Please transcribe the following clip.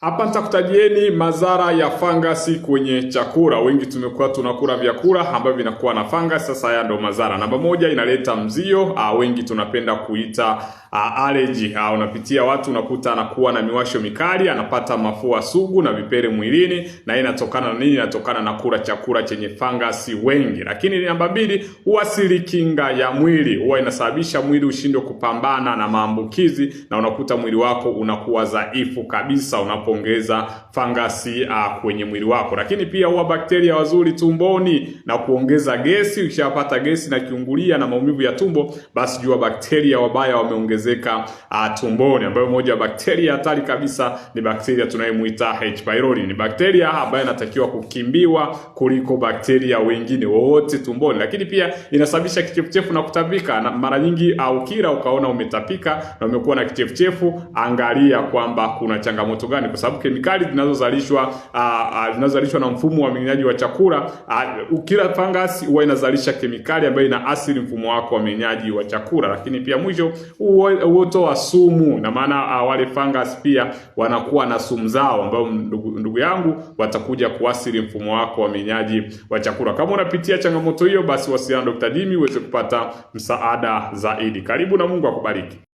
Hapa nitakutajieni madhara ya fangasi kwenye chakula. Wengi tumekuwa tunakula vyakula ambavyo vinakuwa na fangasi. Sasa haya ndo madhara. Namba moja, inaleta mzio. Ah, wengi tunapenda kuita ah, allergy. Ah, unapitia watu unakuta anakuwa na miwasho mikali, anapata mafua sugu na vipele mwilini, na hii inatokana na nini? Inatokana na kula chakula chenye fangasi wengi. Lakini namba mbili, huathiri kinga ya mwili. Huwa inasababisha mwili ushindwe kupambana na maambukizi, na unakuta mwili wako unakuwa dhaifu kabisa unapu kuongeza fangasi uh, kwenye mwili wako, lakini pia huwa bakteria wazuri tumboni na kuongeza gesi. Ukishapata gesi na kiungulia na maumivu ya tumbo, basi jua bakteria wabaya wameongezeka uh, tumboni, ambayo moja ya bakteria hatari kabisa ni bakteria tunayemuita H pylori. Ni bakteria ambayo inatakiwa kukimbiwa kuliko bakteria wengine wowote tumboni, lakini pia inasababisha kichefuchefu na kutapika, na mara nyingi au ah, kila ukaona umetapika na umekuwa na kichefuchefu, angalia kwamba kuna changamoto gani kwa sababu kemikali zinazozalishwa ah, ah, zinazozalishwa na mfumo wa mmeng'enyaji wa chakula uh, kila fangasi huwa inazalisha kemikali ambayo ina asili mfumo wako wa mmeng'enyaji wa chakula. Lakini pia mwisho, uoto wa sumu na maana uh, wale fangasi pia wanakuwa na sumu zao ambao ndugu, ndugu yangu watakuja kuasiri mfumo wako wa mmeng'enyaji wa chakula. Kama unapitia changamoto hiyo, basi wasiliana na Dr. Jimmy uweze kupata msaada zaidi. Karibu na Mungu akubariki.